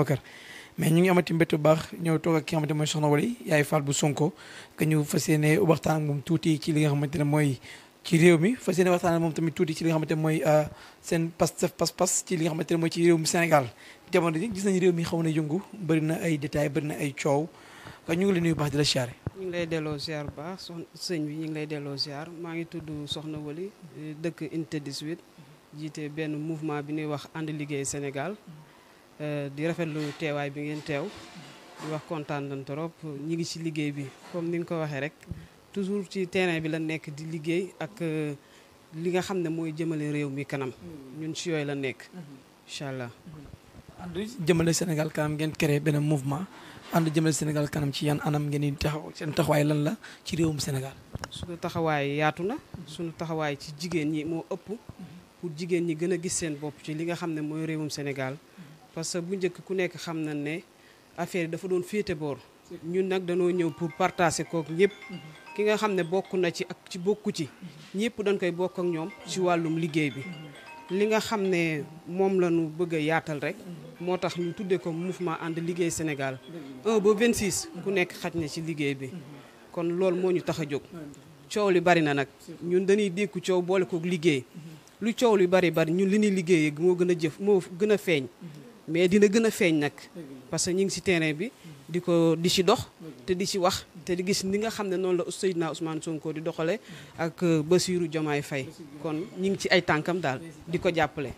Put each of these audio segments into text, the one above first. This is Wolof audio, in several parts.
Pokar mais ñu ngi amati mbéttu bu baax ñëw toog ak ki nga mooy soxna yaay Fall bu Sonko que ñu fas waxtaan ak moom tuuti ci li nga xamante ne mooy ci réew mi fas yéene waxtaan ak moom tamit tuuti ci li nga xamante ne mooy euh, seen Pastef pas-pas ci li nga xamante ne mooy ci réew mi Sénégal jamono ji gis nañu réew ñu ngi lay nuyu baax di la ngi lay delloo ziar bu baax sox sëñ bi dëkk unité 18 jiite benn mouvement bi ñuy wax ànd liggéey Sénégal Eh, di rafetlu teewaay bi ngeen teew di wax kontaan nañ trop ñi ngi ci liggéey bi comme niñ ko waxee rek toujours ci terrain bi la nekk di liggéey ak eh, li nga xam ne mooy jëmale réew mi kanam ñun si yooyu la nekk incha allah ànd jëmale Sénégal kanam ngeen créé beneen mouvement ànd jëmale Sénégal kanam ci yan anam ngeen taxaw seen taxawaay lan la ci réewum Sénégal suñu taxawaay yaatu na suñu taxawaay ci jigéen ñi moo ëpp pour jigéen ñi gën a gis seen bopp ci li nga xam ne mooy réewum Sénégal parce que bu njëkk ku nekk xam na ne affaire yi dafa doon féete boor ñun nag dañoo ñëw pour partager kook ñëpp ki nga xam ne bokk na ci ak ci bokku ci ñëpp dañ koy bokk ak ñoom ci wàllum liggéey bi li nga xam ne moom la ñu bëgg a yaatal rek moo tax ñu tuddee ko mouvement ànd liggéey Sénégal 1 ba 26 ku nekk xaj na ci liggéey bi kon loolu moo ñu tax a jóg coow li bari na nag ñun dañuy dékku coow boole kook liggéey lu coow li bari bari ñun li ñuy liggéeyee moo gën a jëf moo gën a feeñ mais dina gën a feeñ nag parce que ñu ngi si terrain bi di ko di si dox te di si wax te di gis ni nga xam ne noonu la Seydina Ousmane Sonko di doxale ak euh, Bassirou Diomaye Faye kon ñu ngi ci ay tànkam daal di ko jàppale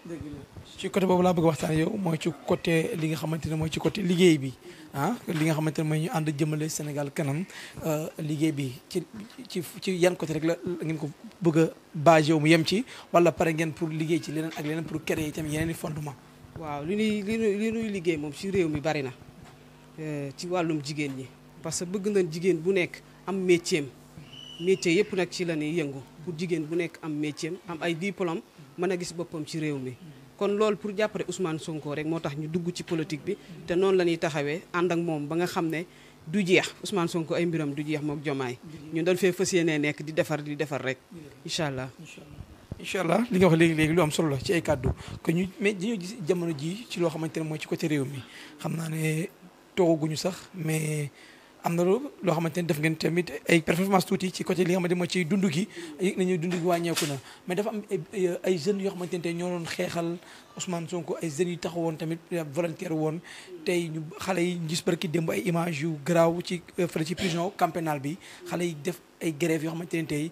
ci côté boobu laa bëgg waxtaan yow mooy ci côté li nga xamante ne mooy ci côté liggéey bi ah li nga xamante ne mooy ñu ànd jëmale Sénégal kanam euh, liggéey bi ci ci ci yan côté rek la ngeen ko bëgg a basé wu yem ci wala pare ngeen pour liggéey ci leneen ak leneen pour créer itam yeneen i waaw li ñuy li ñuy liggéey moom ci réew mi bari na eh, ci wàllum jigéen ñi parce que bëgg na jigéen bu nekk am métier métier yëpp nag ci la ñuy yëngu pour jigéen bu nekk am métier am ay diplôme mën a gis boppam ci réew mi. kon loolu pour jàppale Ousmane Sonko rek moo tax ñu dugg ci politique bi te noonu la taxawee ànd ak moom ba nga xam ne du jeex Ousmane Sonko ay mbiram du jeex mook Jomaay ñu doon fee fas yéenee nekk di defar di defar rek incha allah. incha allah li nga wax léegi-léegi lu am solo la ci ay kàddu que ñu mais dañoo gis jamono ji ci loo xamante ne mooy ci ko côté réew mi xam naa ne tooguñu sax mais am na loo xamante ne def ngeen tamit ay performance tuuti ci côté li nga xamante ne mooy ci dund gi yëg nañu dund gi wàññeeku na mais dafa am ay jeunes yoo xamante ne tey ñoo doon xeexal Ousmane Sonko ay jeunes yu woon tamit volontaire woon tey ñu xale yi gis barki démb ay image yu garaaw ci euh, fële ci prison campénal bi xale yi def ay grève yoo xamante ne tey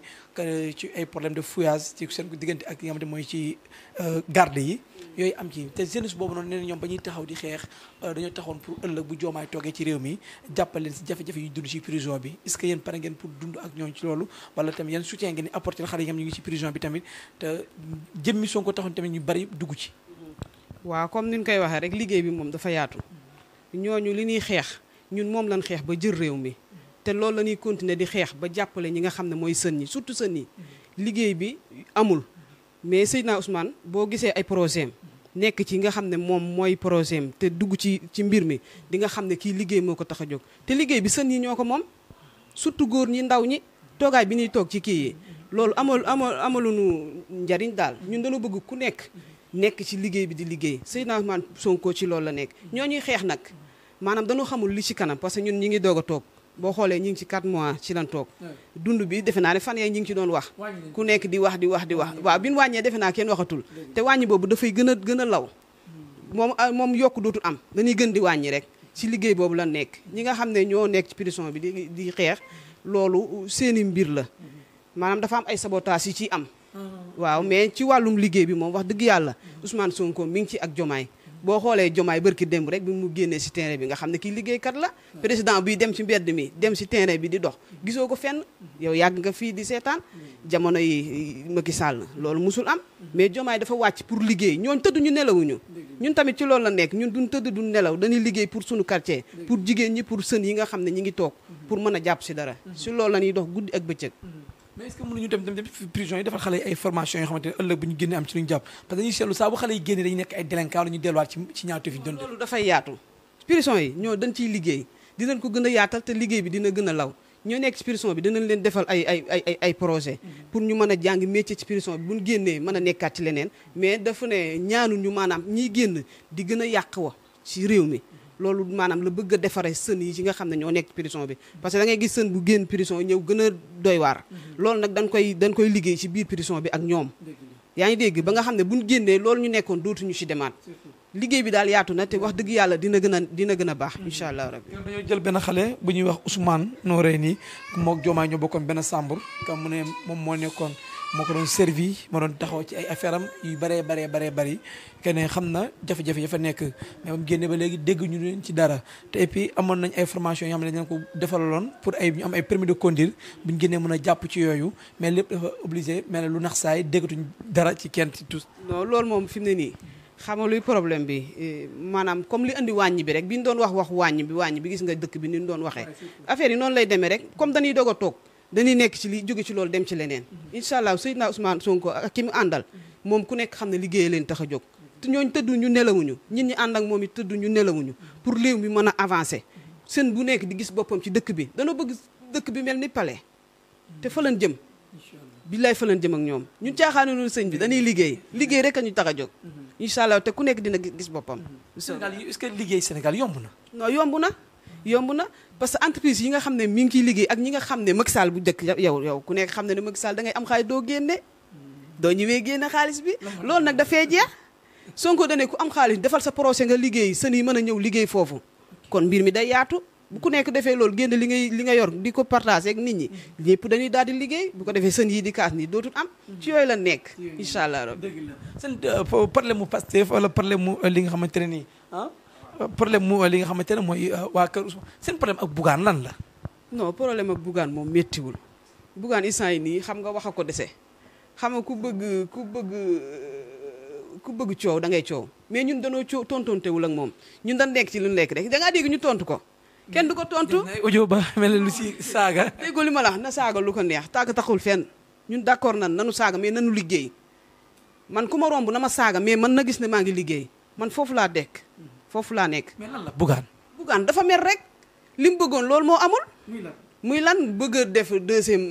ci ay problème de fouillage ci seen diggante ak yi nga xamante mooy ci euh, garde yi yooyu am ci te jeunesse boobu noonu nee na ñoom ba ñuy taxaw di xeex euh, dañoo taxoon pour ëllëg bu joomaay toogee ci réew mi jàppale leen ci prison bi tamit ñu te jëmmi Sonko taxoon tamit ñu bari dugg ci waaw comme niñ koy waxee rek liggéey bi moom dafa yaatu ñooñu li ñuy xeex ñun moom lañ xeex ba jël réew mi te loolu la ñuy continuer di xeex ba jàppale ñi nga xam ne mooy sën ñi surtout sën yi liggéey bi amul mais Seydina Ousmane boo gisee ay projet nekk ci nga xam ne moom mooy projet te dugg ci ci mbir mi di nga xam ne kii liggéey moo ko tax a jóg te liggéey bi sën yi ñoo ko moom surtout góor ñi ndaw ñi toogaay bi ñuy toog ci kii yi loolu amal amal amaluñu njariñ daal ñun dañu bëgg ku nekk nekk ci liggéey bi di liggéey Seydina Ousmane Sonko ci loolu la nekk ñoo ñuy xeex nag maanaam dañu xamul li ci kanam parce que ñun ñu ngi doog a toog boo xoolee ñu ngi ci 4 mois ci lan toog dund bi defe naa ne fan yee ñu ngi ci doon wax ku nekk di wax di wax di wax waaw bi wàññee defe naa kenn waxatul te wàññi boobu dafay gën a gën a law hmm. moom ah, moom yokku dootul am dañuy gën di wàññi rek ci liggéey boobu la nekk ñi nga xam ne ñoo nekk ci prison bi di di xeex loolu seeni mbir la hmm. maanaam dafa am ay sabotage yi ciy am ah. waaw mais ci wàllum liggéey bi moom wax dëgg yàlla hmm. Ousmane Sonko mi ngi ci ak Jomaay boo xoolee jomaay bërki démb rek bi mu génnee si terrain bi nga xam ne kii liggéeykat la président bi dem si mbedd mi dem si terrain bi di dox gisoo ko fenn yow yàgg nga fii di seetaan jamono yi ki sàll loolu musul am mais jomaay dafa wàcc pour liggéey ñooñ tëdd ñu nelawuñu ñun tamit ci loolu la nekk ñun duñ tëdd duñ nelaw dañuy liggéey pour suñu quartier pour jigéen ñi pour sën yi nga xam ne ñu ngi toog pour mën a jàpp si dara si loolu la ñuy dox guddi ak bëccëg est-ce que mënuñu dem dem prison yi defal xale yi ay formation yoo xamante ne ëllëg bu ñu génnee am ci lu ñu jàpp parce que dañuy seetlu saa bu xale yi génnee dañu nekk ay délinquant la ñu delluwaat ci ci yi ñoo dañ ciy liggéey dinañ ko gën a liggéey bi dina gën a law ñoo nekk ci prison bi dinañ leen defal ay ay ay ay pour ñu mën a jàng métier ci prison bi buñ génnee mën a nekkaat ci leneen mais dafa ne ñaanu ñu maanaam ñiy génn di gën a yàq wa si réew mi loolu maanaam la bëgg a defare sën yi ci nga xam ne ñoo nekk prison bi parce que da ngay gis sën bu génn prison ñëw gën a doy waar mhm. loolu nag dañ koy dañ koy liggéey ci biir prison bi ak ñoom yaa ngi dégg ba nga xam ne bu génnee loolu ñu nekkoon dootuñu ci demaat liggéey bi daal yaatu na te wax dëgg yàlla dina gën a dina gën a baax mhm. incha allah rabbi dañoo jël benn xale bu ñuy wax Ousmane nii moog Joomaay ñoo bokkoon benn chambre comme mu ne moom moo nekkoon moo ko doon servi ma doon taxaw ci ay affaire am yu bëree baree baree bëri kenn xam na jafe-jafe ya fa nekk mais ba mu génne ba léegi dégg ñu leen ci dara te et amoon nañ ay formation yoo xam ne dañ ko pour ay ñu am ay permis de conduire bu ñu génnee mën a jàpp ci yooyu mais lépp dafa mel ne lu nax saay déggatuñ dara ci kenn ci loolu moom fi mu ne nii xam nga luy problème bi eh, maanaam comme li indi wàññi bi rek bi ñu doon wax wax wàññi bi wàññi bi gis nga dëkk bi ni ñu doon waxee affaire yi noonu lay demee rek comme dañuy doog a toog dañuy nekk ci li jóge ci loolu dem ci leneen mhm. incha allah Seydina Ousmane Sonko ak ki mu àndal moom ku nekk xam ne liggéey leen tax a jóg te ñu tëdd ñu nelawuñu ñit ñi ànd ak moom it tëddu ñu nelawuñu pour réew mi mën a avancé seen bu nekk di gis boppam ci dëkk bi dañoo bëgg dëkk bi mel ni pale te fa lañ jëm billaay fa lañ jëm ak ñoom ñu caaxaanu loolu sëñ bi dañuy liggéey mhm. liggéey rek a ñu tax a jóg mhm. incha allah te ku nekk dina gis boppam liggéey Sénégal yomb na yomb na yomb na parce que entreprise yi nga xam ne mi ngi ciy liggéey ak ñi nga xam ne Macky Sall bu dëkk yow yow ku nekk xam ne ne Macky Sall am xaalis doo génne doo ñëwee génne xaalis bi loolu nag dafee jeex Sonko dane ku am xaalis defal sa projet nga liggéey sën yi mën a ñëw liggéey foofu kon mbir mi day yaatu bu ku nekk defee loolu génn li ngay li nga yor di ko partager ak nit ñi ñëpp dañuy daal di liggéey bu ko defee sën yi di kaas nii dootul am ci yooyu la nekk incha allah rabbi dëgg la seen euh, problème mu Pastef wala problème mu euh, li nga xamante ne nii ah problème mu li nga xamante ne mooy euh, waa kar Ousmane seen problème ak Bougane lan la. no problème a Bougane moom metti méttiwul Bougane instant yi nii xam nga wax a ko dese xam nga ku bëgg ku bëgg ku bëgg coow da ngay coow mais ñun danoo coow tontontewul ak moom ñun dan nekk ci lu lekk rek da ngaa dégg ñu tontu ko. kenn du ko tontu audio ba mel lu si saaga. déggoo li ma la na saaga lu ko neex tàgg taxul fenn ñun d'accord nan nanu saaga mais nanu liggéey man ku ma romb na ma saaga mais man na gis ne maa ngi liggéey man foofu laa dekk. foofu laa nekk. mais lan la bugaan. bugaan dafa mer rek li mu bëggoon loolu moo amul. muy lan muy bëgg def deuxième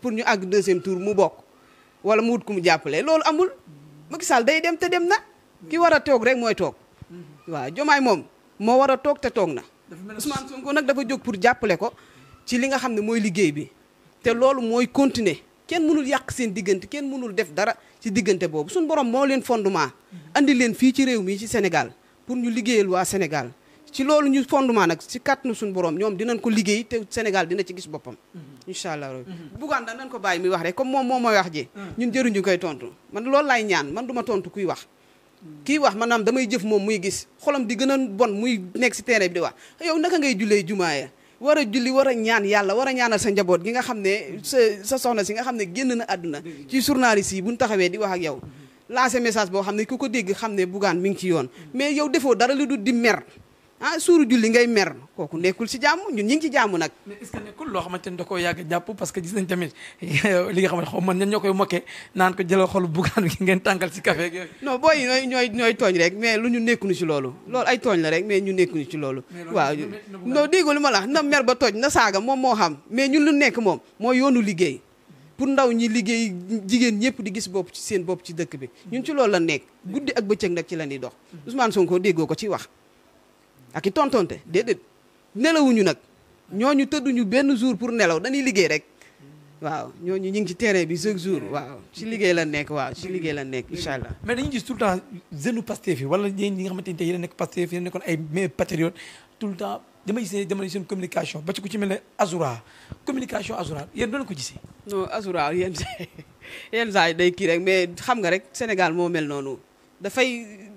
pour ñu àgg deuxième tour mu bokk wala mu wut ku mu jàppale loolu amul. Macky saal day dem te dem na. ki war a toog rek mooy toog. Mhm. waaw Diomaye moom moo war a toog te toog na. Ousmane Sonko nag dafa jóg pour jàppale ko ci li nga xam ne mooy liggéey bi te loolu mooy continuer kenn mënul yàq seen diggante kenn mënul def dara ci diggante boobu suñu borom moo leen fondement mhm. andi leen fii ci réew mi ci Sénégal pour ñu liggéeyal waa Sénégal ci loolu ñu fondement nag ci kàttanu suñu borom ñoom dinañ ko liggéey te Sénégal dina ci gis boppam. Mm-hmm. incha allah loolu. Mm-hmm. bugaan dañ ko bàyyi muy wax rek comme moom moom mooy wax ji. Mm. ñun jëruñu koy tontu man loolu laay ñaan man du tontu kuy wax. Mm. kii wax maanaam damay jëf moom muy gis xolam di gën a bon muy nekk ci terrain bi di wax yow naka ngay jullee jumaaya war a julli war a ñaan yàlla war a ñaanal sa njaboot gi nga xam ne sa sa soxna si nga xam ne génn na àdduna. ci journaliste yi bu ñu taxawee di wax ak yow. Mm-hmm. lancé message boo xam ne ku ko dégg xam ne Bougane mi ngi ci yoon mais yow defoo dara lu du di mer ah suuru julli ngay mer kooku nekkul ci jàmm ñun ñu ngi ci jàmm nag mais est ce que nekkul loo xamante ni da koo yàgg jàpp parce que gis nañ tamit li nga xamante xaw man ñan ñoo koy mokkee naan ko jëloo xolu Bougane ngeen tànkal ci café gi non booy ñooy ñooy ñooy tooñ rek mais lu ñu nekkuñu ci loolu lool ay tooñ la rek mais ñu nekkuñu ci loolu waaw non dégg lu ma la na mer ba tooñ na saaga moom moo xam mais ñun lu nekk moom moo yoonu liggéey pour ndaw ñi liggéey jigéen ñëpp di gis bopp ci seen bopp ci dëkk bi ñun ci loolu la nekk guddi ak bëccëg nag ci la ñuy dox Ousmane Sonko déggoo ko ci wax ak i tontonte déedéet nelawuñu nag ñooñu tëdduñu benn jour pour nelaw dañuy liggéey rek waaw ñooñu ñu ngi ci terrain bi chaque jour waaw ci liggéey la nekk waaw ci liggéey la nekk incha allah mais dañuy gis tout le temps jeune Pastef ñeen ñi nga xamante ni tey yéen a nekk Pastef yéen ay patriote tout dama gis jamono seen communication ba ci ci mel ne Azura communication Azura yéen doon ko gisee. non Azura yenn saa yenn day kii rek mais xam nga rek Sénégal moo mel noonu dafay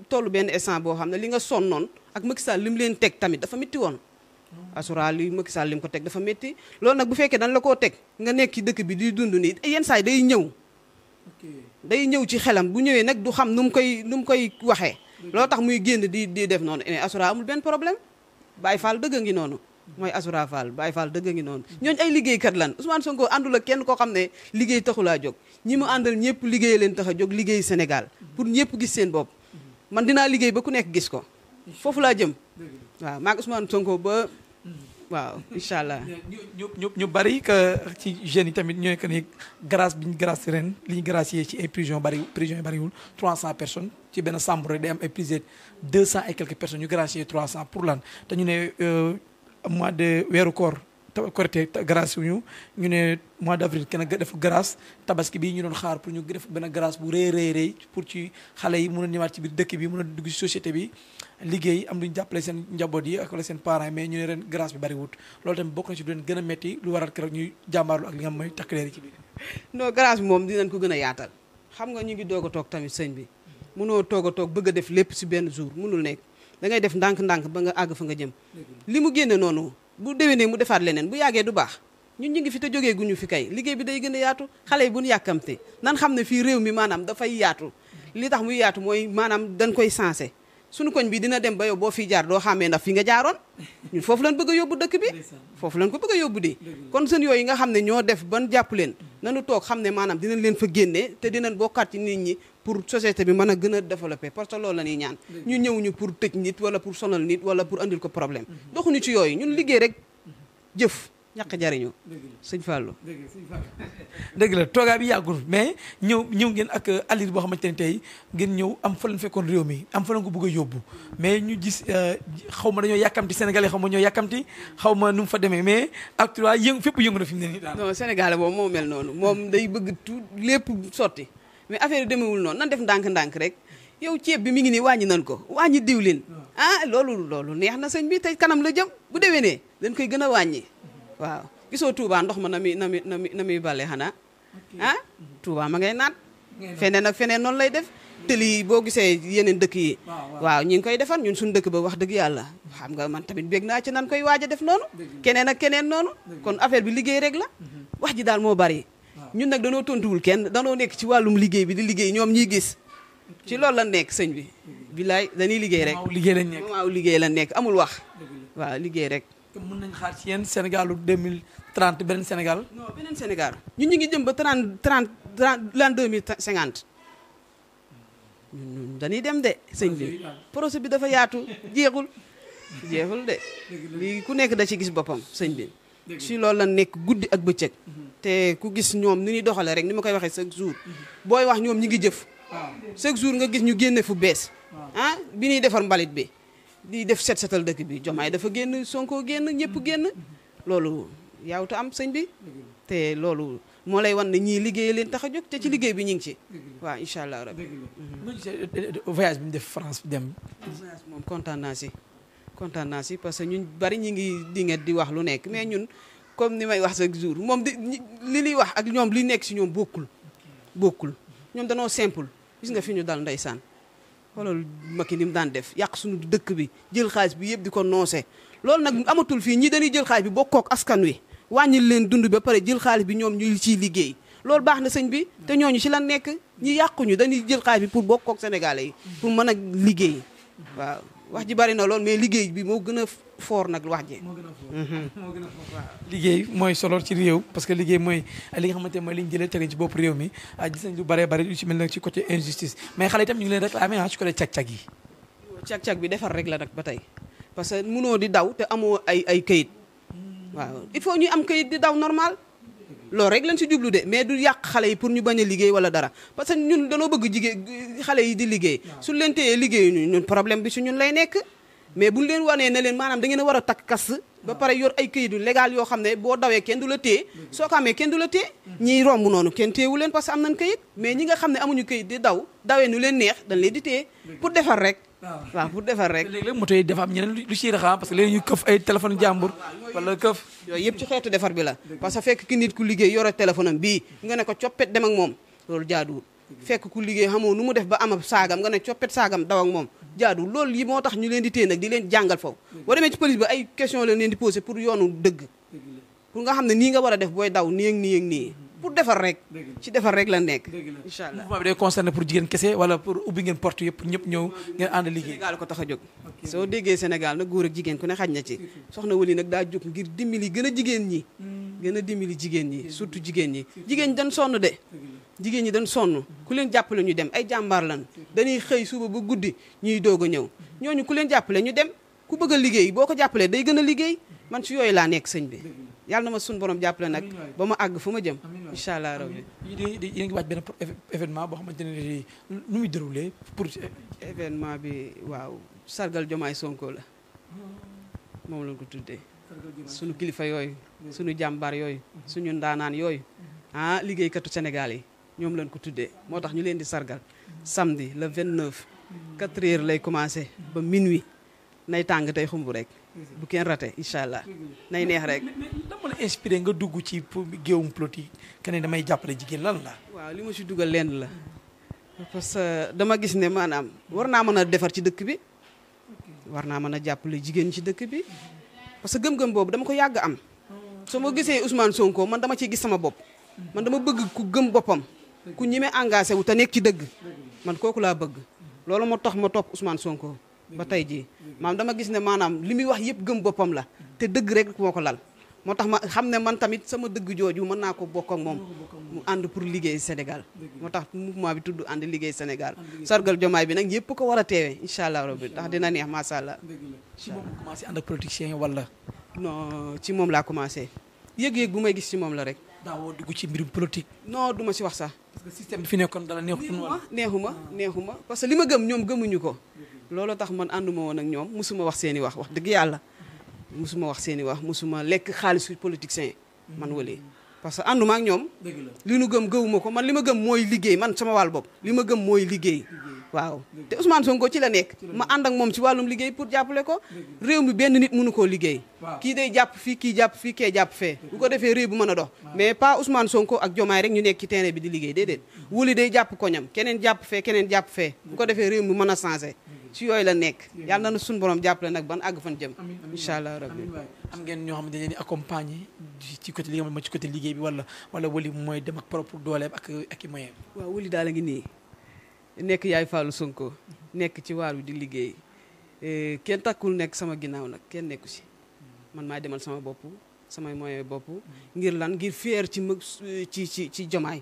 tollu benn instant boo xam ne li nga sonnoon ak Macky Sall li mu leen teg tamit dafa métti woon. Azura li Macky Sall li mu ko teg dafa métti loolu nag bu fekkee dañ la koo teg nga nekk ci dëkk bi di dund nii yenn saa day ñëw. day ñëw ci xelam bu ñëwee nag du xam nu mu koy nu mu koy waxee. loo tax muy génn di di def noonu Azura amul benn problème. Baye Fall dëgg ngi noonu mooy Azoura Fall Baye Fall dëgg ngi noonu ñooñu ay liggéey liggéeykat lan Ousmane Sonko àndul ak kenn koo xam ne liggéey taxulaa jog ñi mu àndal ñëpp liggéey leen tax a jóg liggéey senegal pour ñëpp gis seen bopp man dinaa liggéey ba ku nekk gis ko foofu laa jëm waaw maa ngi Sonko ba mm-hmm. waaw incha allah ñu ñu ñu bari que ci jeunes yi tamit ñooy que ni grâce bi ñu grâce ren li ñu gracier ci ay prison bari prison yi bariwul 300 personnes ci benn chambre rek day am ay plus 200 et quelques personnes ñu gracier 300 pour lan te ñu ne euh, mois de weeru koor. Korité grâce ñu ñu ne mois d' avril kenn def grâce tabaski bi ñu doon xaar pour ñu def benn grace bu rëy rëy rëy pour ci xale yi mun a ñëwaat ci biir dëkk bi mën a dugg ci société bi liggéey am lu jàppale seen njaboot yi ak seen parents mais ñu ne ren bi bariwut loolu tamit bokk na leen gën a metti lu waral keroog ñuy jàmbaarlu ak li nga mooy takk yi ci biir non grâce bi moom dinañ ko gën a yaatal xam nga ñu ngi doog toog tamit sëñ bi munoo toog a toog bëgg a def lépp si benn jour mënul nekk dangay def ndànk-ndànk ba nga àgg fa nga jëm li mu génne noonu bu dewee nee mu defaat leneen bu yàggee du baax ñun ñu ngi fi te jógee guñu fi kay liggéey bi day gën a yaatu xale yi bu ñu yàkkamte nan xam ne fii réew mi maanaam dafay yaatu li tax muy yaatu mooy maanaam dañ koy sensé suñu koñ bi dina dem ba yow boo fi jaar doo xàmmee ndax fi nga jaaroon ñun foofu lañ bëgg a yóbbu dëkk bi foofu lañ ko bëgg a yóbbu de kon seen yooyu nga xam ne ñoo def ban jàpp leen nanu toog xam ne maanaam dinañ leen fa génnee te dinañ bokkaat ci nit ñi pour société bi mën a gën a développé parce que loolu la ñuy ñaan ñu ñëwuñu pour tëj nit wala pour sonal nit wala pour andil ko problème mm-hmm. doxuñu ci yooyu ñun liggéey rek mm-hmm. jëf ñàkk jariñu sëñ Fallou dëgg la toogaa bi yàggul mais ñëw ñëw ngeen ak allir boo xamante ne tey ngeen ñëw am fa lañ fekkoon réew mi am fa ko bëgg a yóbbu mais ñu gis euh, xaw ma dañoo yàkkamti sénégalais xaw ma ñoo yàkkamti xaw ma nu fa demee mais actuellement yëngu fépp yëngu na fi mu ne nii daal non sénégalais boobu moo mel noonu moom day bëgg tout lépp sotti mais affaire yi demewul noonu nan def ndànk-ndànk rek yow ceeb bi mi ngi nii wàññi nan ko wàññi diwlin ah loolu loolu neex na sëñ bi te kanam la jëm bu déwénee dañ koy gën a wàññi waaw gisoo Touba ndox ma na muy na muy na na muy bale xanaa ah Touba ma ngay naat feneen ak feneen noonu lay def tëli boo gisee yeneen dëkk yi waaw ñi ngi koy defan ñun suñu dëkk ba wax dëgg yàlla xam nga man tamit bég naa ci nan koy waaj a def noonu keneen keneen noonu kon affaire bi liggéey rek la mhm. wax ji daal moo bari ñun nag danoo tontuwul kenn danoo nekk ci wàllum liggéey bi di liggéey ñoom ñiy gis ci lool la nekk sëñ bi bilaay dañuy liggéey rek waaw liggéey la nekk amul wax waaw liggéey rek mun nañ xaar ci yenn Sénégalu 2030 beneen Sénégal. non beneen Sénégal ñun ñu ngi jëm ba 30 30 30 l'an 2050 ñun dañuy dem de sëñ bi projet bi dafa yaatu jeexul jeexul de lii ku nekk da ci gis boppam sëñ bi. si loolu la nekk guddi ak bëccëg. te ku gis ñoom ni ñuy doxalee rek ni ma koy waxee chaque jour. booy wax ñoom ñi ngi jëf. Ah. cheque jour nga gis ñu génne fu bees. ah, ah bi ñuy defar mbalit bi. di def set setal dëkk bi jomaay dafa génn sonkoo génn ñëpp génn loolu yaawtu am sëñ bi te loolu moo lay wan na ñii liggéey leen tax a jóg te ci liggéey bi ñu ngi ci waaw incha allah rabbi euh, bi mu def France dem voyage moom kontaan si kontaan naa si parce que ñun bari ñi ngi dinget di wax lu nekk mais ñun comme ni may wax chaque jour moom di li liy wax ak ñoom li nekk si ñoom bokkul bokkul ñoom danoo simple gis nga fi ñu dal ndeysaan xoolal Macky ni mu daan def yàq suñu dëkk bi jël xaalis bi yëpp di ko noose loolu nag amatul fii ñi dañuy jël xaalis bi bokkook askan wi wàññil leen dund ba pare jël xaalis bi ñoom ñu ciy liggéey loolu baax na sëñ bi te ñu ci la nekk ñi ñu dañuy jël xaalis bi pour bokkook sénégalais yi pour mën a liggéey waaw wax ji lool mais liggéey bi moo gën a foor nag wax ji. moo gën mhm. moo a liggéey mooy solo ci réew parce que liggéey mooy li nga xamante ne mooy li ñu jëlee ci bopp réew mi ah, gis nañ lu bare bare lu ci mel nag ci côté injustice mais xale itam ñu ngi leen réclamé ah ci côté cag yi. cag-cag bi defar rek la nag ba tey parce que munoo di daw te amoo ay ay kayit waaw il faut ñu am kayit di daw normal. loolu rek si jublu de mais du yàq xale yi pour ñu bañ a liggéey wala dara parce que ñun dañoo bëgg jigéen xale yi di liggéey. suñ leen téyee liggéeyuñu ñun problème bi su ñun lay nekk. mais bu buñ leen wanee ne leen maanaam da ngeen a war a takk kas ba pare yor ay këyit yu yoo xam ne boo dawee kenn du la téye soo ko kenn du la téye ñiy romb noonu kenn téyewu leen parce que am nañ këyit mais ñi nga xam ne amuñu këyit di daw dawee nu leen neex dañ leen di téye pour defar rek waaw pour defar rek léeg-léeg moto yi dafa am lu ciy raxaa parce que léegi ñu këf ay téléphone jàmbur wala këf yooyu yëpp ci xeetu defar bi la parce que fekk ki nit ku liggéey yore téléphone am bii nga ne ko coppet dem ak moom loolu jaaduwul fekk ku liggéey xamoo nu mu def ba am ab saagam nga ne coppet saagam daw ak moom jaadu lool yi moo tax ñu leen di téye nag di leen jàngal foofu boo demee ci police ba ay question leen leen di posé pour yoonu dëgg pour nga xam ne nii nga war a def booy daw nii ak nii ak nii pour defar rek ci defar rek la nekk incha allah mouvement bi day concerné pour jigéen kese wala pour ubbi ngeen porte yëpp ñëpp ñëw ngeen ànd ko tax a jóg soo déggee Sénégal nag góor ak jigéen ku ne xaj na ci soxna wali nag daa jóg ngir dimbali gën a jigéen ñi gën a dimbali jigéen ñi surtout jigéen ñi jigéen ñi dañ sonn de jigéen ñi dañ sonn ku leen jàppale ñu dem ay jàmbaar lan dañuy xëy suba ba guddi ñuy doog a ñëw ñooñu ku leen jàppale ñu dem ku bëgg a liggéey boo ko jàppalee day gën a liggéey man ci yooyu laa nekk sëñ bi yàlla na ma suñu borom jàppale nag ba ma àgg fu ma jëm incha allah rabbi yii di yéen ngi waaj benn événement boo xamante ne ni nu muy déroulé pour événement bi waaw sargal jomaay sonko la hmm. moom lañ ko tuddee suñu kilifa yooyu suñu jàmbaar yooyu suñu ndaanaan yooyu ah liggéeykatu Sénégal yi ñoom leen ko tuddee moo tax ñu leen di sargal samedi le 29 4 heures lay commencé ba minuit nay tàng tey xumb rek bu kenn raté incha allah nay neex rek. dama la inspiré nga dugg ci géewum politique yi ne damay jàppale jigéen lan la. waaw li ma si dugal lenn la parce dama gis ne maanaam war naa mën a defar ci dëkk bi war naa mën a jàppale jigéen ci dëkk bi. parce que gëm-gëm boobu dama ko yàgg am mm. su ma gisee Ousmane Sonko man dama ciy gis sama bopp mm. man dama bëgg ku gëm boppam ku ñime engagé wu te nekk ci dëgg man kooku laa bëgg loolu moo tox ma topp Ousmane Sonko ba tey jii maam dama gis ne maanaam li muy wax yëpp gëm boppam la te dëgg rek moo ko lal moo tax ma xam ne man tamit sama dëgg jooju mën naa ko bokk ak moom mu ànd pour liggéey Sénégal moo tax mu mouvement bi tudd ànd liggéey Sénégal sargal jomaay bi nag yëpp ko war a teewee incha allah rabbi ndax dina neex macha allah ci moom commencé ànd moom laa commencé yëg-yëg bu gis ci moom la rek daawoo dugg ci mbirum politique non du ma wax sax parce bi fi nekkoon dala neexu ma neexu ma ah. neexu que li ma gëm ñoom gëmuñu ko loolu tax man ànduma woon ak ñoom musuma wax seeni wax wax dëgg yàlla musuma wax seen i wax musuma lekk xaalisu politicien man Wally mm. parce que ànduma ak ñoom. li nu gëm gëwuma ko man li ma gëm mooy liggéey man sama wàll bopp li ma gëm mooy liggéey. waaw te Ousmane Sonko ci la nekk. ma ànd moom ci wàllum liggéey pour jàppale ko. réew mi benn nit mënu koo liggéey. kii day jàpp fii kii jàpp fii kee jàpp fee. bu ko defee réew bu mën a dox. mais pas Ousmane Sonko ak Diomaye rek ñu nekk ci terrain bi di liggéey déedéet. Mm. Wally jàpp ko ñam keneen jàpp fee keneen jàpp fee. bu ko defee réew mi mën a changé. Mm. ci yooyu la nekk yàlla na suñu borom jàppale nag ban àgg fan jëm incha allah rabbi am ngeen ñoo xam ne dañ leen di accompagner ci côté li nga ma ci côté liggéey bi wala wala wali mooy dem ak propre dooleem ak ak i moyen waaw wali daal a ngi nii nekk yaay sun ko nekk ci waar wi di liggéey eh, kenn takkul nekk sama ginnaaw nag kenn nekku si man maay demal sama bopp samay moyen bopp ngir lan ngir fier ci mag ci ci ci jomaay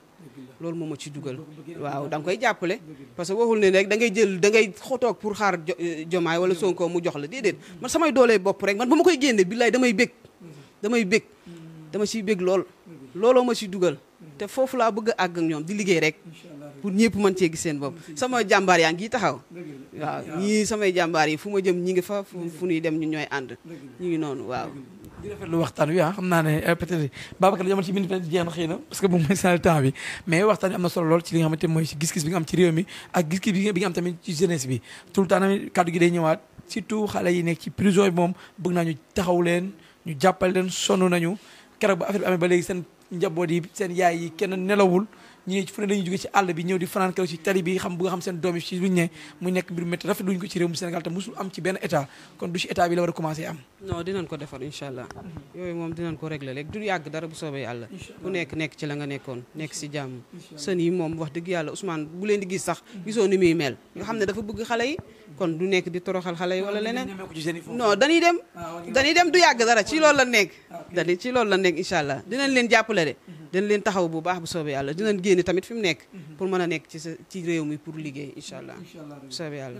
loolu moom ma ci dugal waaw da nga koy jàppale parce que waxul ne rek da ngay jël da ngay xotoog pour xaar euh, jomaay wala Sonko mu jox la déedéet man samay doolee bopp rek man ba ma koy génne billaay damay bég damay bég dama siy bég lool looloo ma si dugal te foofu laa bëgg àgg ñoom di liggéey rek pour ñëpp mën cee gis seen bopp sama jàmbaar yaa ngi taxaw waaw ñii samay jàmbaar yi fu ma jëm ñi ngi fa fu dem ñu ñooy di rafetlu waxtaan wi ah xam naa ne euh, peut-être Babacar la ñu amoon ci minute bi jeex na xëy na parce que bu may sànni temps bi mais waxtaan wi am na solo mooy ci gis-gis bi nga am ci réew ak gis-gis bi nga am tamit ci jeunesse bi tout le temps tamit kàddu ñëwaat surtout xale nekk ci prison yi moom bëgg naa ñu taxaw leen ñu jàppal leen sonn nañu keroog ba affaire bi amee ba léegi seen njaboot yi seen yaay yi kenn nelawul ñi ne fu ne dañuy jóge ci àll bi ñëw di fanaan kaw ci tali bi xam bu ko ci réew dara bu soobee yàlla nekk nekk ci la nga nekkoon nekk si jàmm sën moom wax dëgg yàlla Ousmane bu leen di gis sax gisoo ni muy mel nga xam ne dafa bëgg xale kon nekk di toroxal xale yi wala leneen non dañuy dem ah, dañuy dem du yàgg dara ci lool la nekk ah, dañuy ci loolu la nekk incha allah dinañ leen jàppale de mhm. dañ leen taxaw bu baax bu soobee yàlla dinañ génne tamit fi mu nekk mhm. pour mën a nekk ci sa ci réew mi pour liggéey incha allah bu soobee yàlla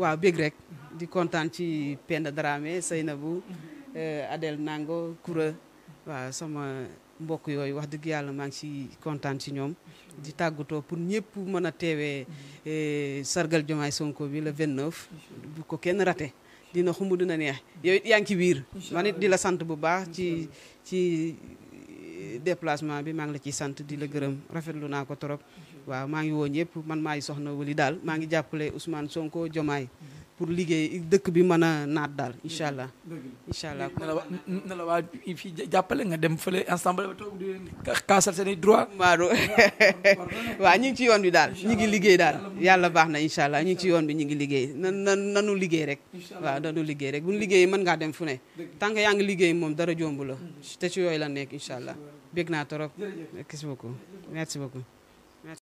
waaw bég rek mhm. di kontaan ci Penda Dramé Seynabou mhm. euh, Adel Nango Koura waaw sama mbokk yooyu wax dëgg yàlla maa ngi ci kontaan ci ñoom di tàggatoo pour ñëpp mën a teewee euh, sargal Jomaay Sonko bi le 29 bu ko kenn rate dina xumb dina neex yow yaa ngi ci biir di la sant bu baax ci déplacement bi maa ngi la ciy sant di la gërëm rafetlu naa ko trop waaw maa ngi woo ñëpp man maa ngi soxna Wally daal maa ngi jàppale Ousmane Sonko Diomaye pour liggéey dëkk bi mën a naat daal incha allah. incha allah na la waa fii jàppale nga dem fale ensemble ba toog di leen kaasal seen ñu ngi ci yoon bi daal ñu ngi liggéey daal yàlla baax na incha allah ñu ngi ci yoon bi ñu ngi liggéey na na nanu liggéey rek. waaw nanu liggéey rek bu liggéey mën ngaa dem fu ne. tant que yaa liggéey moom dara jomb te ci yooyu la nekk incha allah. bég naa trop. merci beaucoup